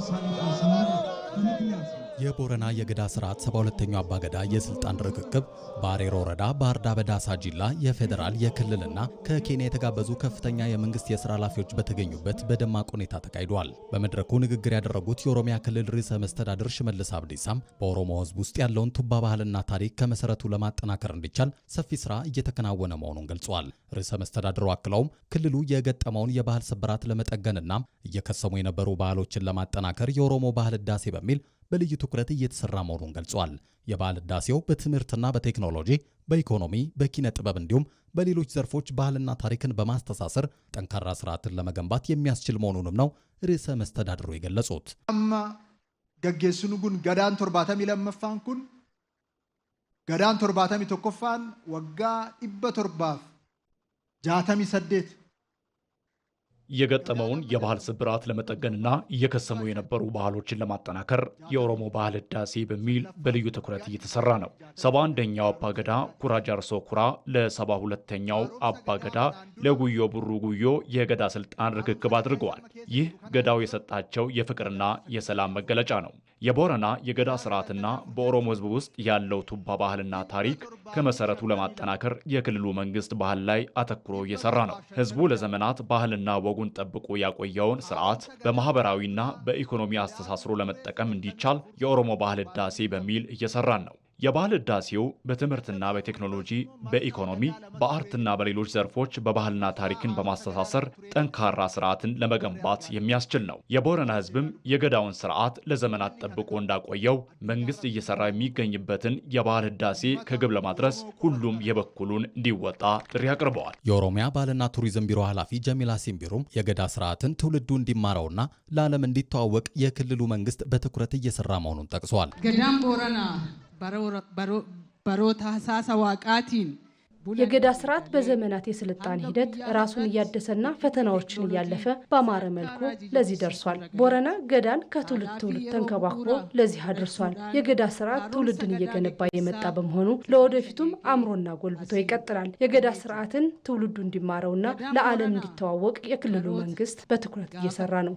Sanat Asanı tanıtmayasın. የቦረና የገዳ ስርዓት 72ኛው አባገዳ የስልጣን ርክክብ ባሬሮ ወረዳ ባርዳ በዳሳ ጂላ የፌዴራል የክልልና ከኬንያ የተጋበዙ ከፍተኛ የመንግስት የስራ ኃላፊዎች በተገኙበት በደማቅ ሁኔታ ተካሂዷል። በመድረኩ ንግግር ያደረጉት የኦሮሚያ ክልል ርዕሰ መስተዳድር ሽመልስ አብዲሳም በኦሮሞ ሕዝብ ውስጥ ያለውን ቱባ ባህልና ታሪክ ከመሰረቱ ለማጠናከር እንዲቻል ሰፊ ስራ እየተከናወነ መሆኑን ገልጿል። ርዕሰ መስተዳድሩ አክለውም ክልሉ የገጠመውን የባህል ስብራት ለመጠገንና እየከሰሙ የነበሩ ባህሎችን ለማጠናከር የኦሮሞ ባህል ህዳሴ በሚል በልዩ ትኩረት እየተሰራ መሆኑን ገልጿል። የባህል ህዳሴው በትምህርትና በቴክኖሎጂ፣ በኢኮኖሚ፣ በኪነ ጥበብ እንዲሁም በሌሎች ዘርፎች ባህልና ታሪክን በማስተሳሰር ጠንካራ ስርዓትን ለመገንባት የሚያስችል መሆኑንም ነው ርዕሰ መስተዳድሩ የገለጹት። ገጌሱን ጉን ገዳን ቶርባተም ለመፋን ኩን ገዳን ቶርባተም ይተኮፋን ወጋ ኢበ ቶርባፍ ጃተም ሰዴት የገጠመውን የባህል ስብራት ለመጠገንና እየከሰሙ የነበሩ ባህሎችን ለማጠናከር የኦሮሞ ባህል ህዳሴ በሚል በልዩ ትኩረት እየተሰራ ነው። ሰባ አንደኛው አባገዳ ኩራ ጃርሶ ኩራ ለሰባ ሁለተኛው አባገዳ ለጉዮ ቡሩ ጉዮ የገዳ ስልጣን ርክክብ አድርገዋል። ይህ ገዳው የሰጣቸው የፍቅርና የሰላም መገለጫ ነው። የቦረና የገዳ ስርዓትና በኦሮሞ ህዝብ ውስጥ ያለው ቱባ ባህልና ታሪክ ከመሰረቱ ለማጠናከር የክልሉ መንግስት ባህል ላይ አተኩሮ እየሰራ ነው። ህዝቡ ለዘመናት ባህልና ወ ወጉን ጠብቆ ያቆየውን ስርዓት በማህበራዊና በኢኮኖሚ አስተሳስሮ ለመጠቀም እንዲቻል የኦሮሞ ባህል ህዳሴ በሚል እየሰራን ነው። የባህል ህዳሴው በትምህርትና በቴክኖሎጂ በኢኮኖሚ በአርትና በሌሎች ዘርፎች በባህልና ታሪክን በማስተሳሰር ጠንካራ ስርዓትን ለመገንባት የሚያስችል ነው። የቦረና ህዝብም የገዳውን ስርዓት ለዘመናት ጠብቆ እንዳቆየው መንግስት እየሰራ የሚገኝበትን የባህል ህዳሴ ከግብ ለማድረስ ሁሉም የበኩሉን እንዲወጣ ጥሪ አቅርበዋል። የኦሮሚያ ባህልና ቱሪዝም ቢሮ ኃላፊ ጀሚላ ሲምቢሩም የገዳ ስርዓትን ትውልዱ እንዲማረውና ለዓለም እንዲተዋወቅ የክልሉ መንግስት በትኩረት እየሰራ መሆኑን ጠቅሷል። ገዳም ቦረና በሮታሳሰ ዋቃቲን የገዳ ስርዓት በዘመናት የስልጣን ሂደት ራሱን እያደሰና ፈተናዎችን እያለፈ በአማረ መልኩ ለዚህ ደርሷል። ቦረና ገዳን ከትውልድ ትውልድ ተንከባክቦ ለዚህ አድርሷል። የገዳ ስርዓት ትውልድን እየገነባ የመጣ በመሆኑ ለወደፊቱም አምሮና ጎልብቶ ይቀጥላል። የገዳ ስርዓትን ትውልዱ እንዲማረውና ለዓለም እንዲተዋወቅ የክልሉ መንግስት በትኩረት እየሰራ ነው።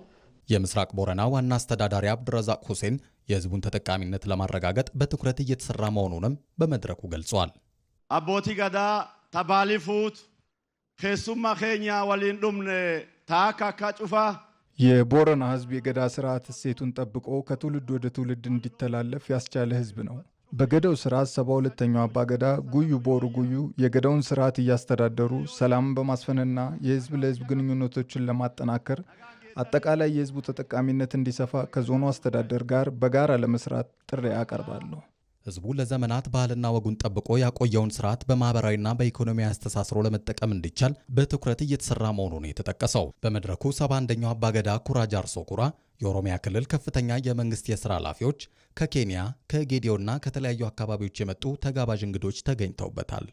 የምስራቅ ቦረና ዋና አስተዳዳሪ አብድረዛቅ ሁሴን የህዝቡን ተጠቃሚነት ለማረጋገጥ በትኩረት እየተሰራ መሆኑንም በመድረኩ ገልጿል። አቦቲ ገዳ ተባሊፉት ከሱማ ኸኛ ወሊን ዱምነ ታካካ ጩፋ የቦረና ህዝብ የገዳ ስርዓት እሴቱን ጠብቆ ከትውልድ ወደ ትውልድ እንዲተላለፍ ያስቻለ ህዝብ ነው። በገዳው ስርዓት ሰባ ሁለተኛው አባገዳ ጉዩ ቦሩ ጉዩ የገዳውን ስርዓት እያስተዳደሩ ሰላምን በማስፈንና የህዝብ ለህዝብ ግንኙነቶችን ለማጠናከር አጠቃላይ የህዝቡ ተጠቃሚነት እንዲሰፋ ከዞኑ አስተዳደር ጋር በጋራ ለመስራት ጥሪ አቀርባለሁ። ህዝቡ ለዘመናት ባህልና ወጉን ጠብቆ ያቆየውን ስርዓት በማህበራዊና በኢኮኖሚ አስተሳስሮ ለመጠቀም እንዲቻል በትኩረት እየተሰራ መሆኑን የተጠቀሰው በመድረኩ ሰባ አንደኛው አባገዳ ኩራ ጃርሶ ኩራ የኦሮሚያ ክልል ከፍተኛ የመንግስት የስራ ኃላፊዎች ከኬንያ ከጌዲዮና ከተለያዩ አካባቢዎች የመጡ ተጋባዥ እንግዶች ተገኝተውበታል።